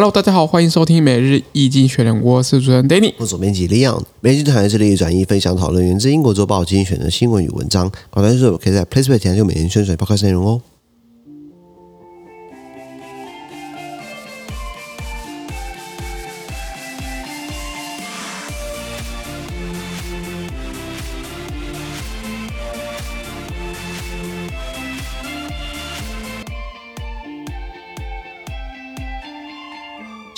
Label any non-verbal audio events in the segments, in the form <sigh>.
Hello，大家好，歡迎收聽每日一經濟學人，我是主持人 Danny，我是總編輯 Leon。每日電台是致力於轉移分享討論源自英國週報精心選擇新聞與文章，廣大聽眾可以在 PressPlay 就每天精選 Podcast 內容哦。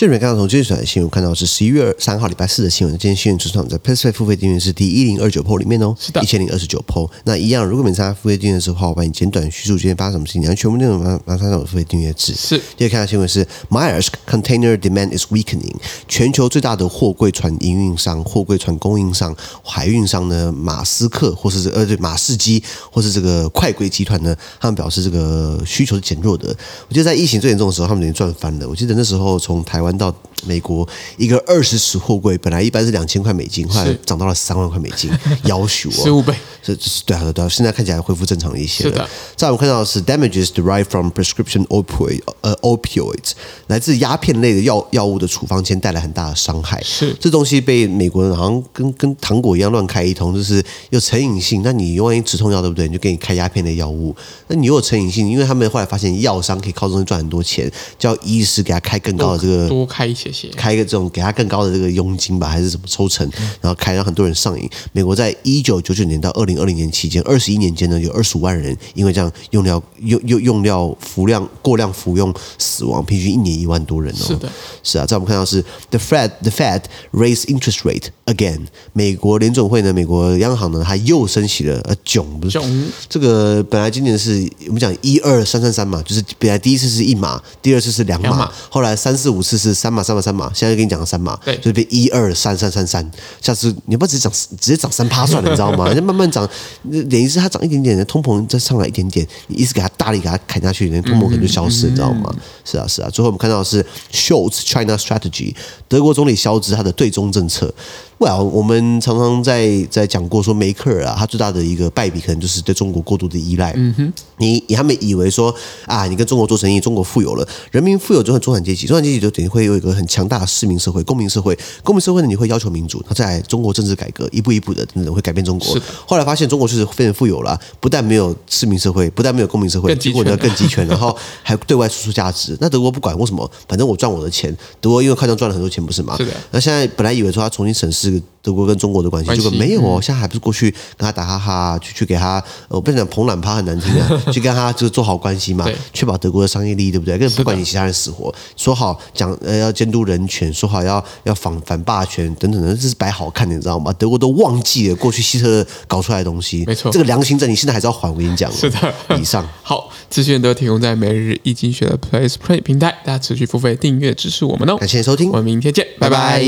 這邊剛剛從最新的新聞看到的是十一月三號禮拜四的新聞。今天新聞出場我們，在 PressPlay 付費訂閱是第一零二九 PO 裡面哦，是的，一千零二十九 PO。那一樣，如果你參加付費訂閱的話，我幫你簡短敘述今天發生什麼事情，然後全部內容馬上讓我付費訂閱制。是，今天看到新聞是，是 Maersk Container Demand Is Weakening。全球最大的貨櫃船營運商、貨櫃船供應商、海運商呢，馬斯克或是、這個、呃對，馬士基或是這個快櫃集團呢，他們表示這個需求是減弱的。我記得在疫情最嚴重的時候，他們已經賺翻了。我記得那時候從台灣。到美國，一個二十尺貨櫃本來一般是兩千塊美金，是後來漲到了三萬塊美金，夭壽、啊，十五 <laughs> 倍、就是。對啊，對啊，現在看起來恢復正常一些。是的。再來我們看到的是 damages derived from prescription opioids，呃，opioids 來自鴉片類的藥藥物的處方籤帶來很大的傷害。是。這東西被美國人好像跟跟糖果一樣亂開一通，就是有成癮性。那你萬一止痛藥對不對？你就給你開鴉片類藥物。那你又有成癮性，因為他們後來發現藥商可以靠這些賺很多錢，叫醫師給他開更高的這個。哦哦多開一些些，開一個這種給他更高的這個佣金吧，還是怎麼抽成？嗯、然後開讓很多人上癮。美國在一九九九年到二零二零年期間，二十一年間呢，有二十五萬人因為這樣用料用用用料服量過量服用死亡，平均一年一萬多人哦。是的，是啊，在我們看到是、嗯、The Fed The Fed raised interest rate again。美國聯準會呢，美國央行呢，它又升息了。囧、啊、不是囧，迥這個本來今年是我們講一二三三三嘛，就是本來第一次是一碼，第二次是兩碼，兩馬後來三四五次是。三碼三碼三碼，現在跟你講了三碼，所以對變一二三三三三。下次你不直接漲，直接漲三趴算了，你知道嗎？人家 <laughs> 慢慢漲，等於是它漲一點點，通膨再上來一點點，你一直給它大力給它砍下去，人家通膨可能就消失，嗯嗯嗯，你知道嗎？是啊是啊，最後我們看到的是 Scholz's China Strategy，德國總理蕭茲他的對中政策。不啊，wow, 我們常常在在講過說，梅克爾啊，他最大的一個敗筆，可能就是對中國過度的依賴。嗯哼，你他們以為說啊，你跟中國做生意，中國富有了，人民富有就算中產階級，中產階級就等於會有一個很強大的市民社會、公民社會、公民社會呢，你會要求民主，他在中國政治改革一步一步的，等等會改變中國。的後來發現中國確實非常富有了，不但沒有市民社會，不但沒有公民社會，結果呢更集權，集權 <laughs> 然後還對外輸出價值。那德國不管為什麼，反正我賺我的錢。德國因為擴張賺了很多錢，不是嗎？那的現在本來以為說他重新審視。德國跟中國的關係，如果沒有哦，現在還不是過去跟他打哈哈，去去給他，我不想講捧卵趴很難聽啊，去跟他就是做好關係嘛，確保德國的商業利益，對不對？跟不管你其他人死活，說好講呃要監督人權，說好要要反反霸權等等的，這是擺好看，你知道嗎？德國都忘記了過去希特勒搞出來的東西，沒錯，這個良心債你現在還是要還。我跟你講，是的。以上。好，資訊都提供在每日一經濟學人的 PressPlay 平台，大家持續付費訂閱支持我們哦。感謝收聽，我們明天見，拜拜。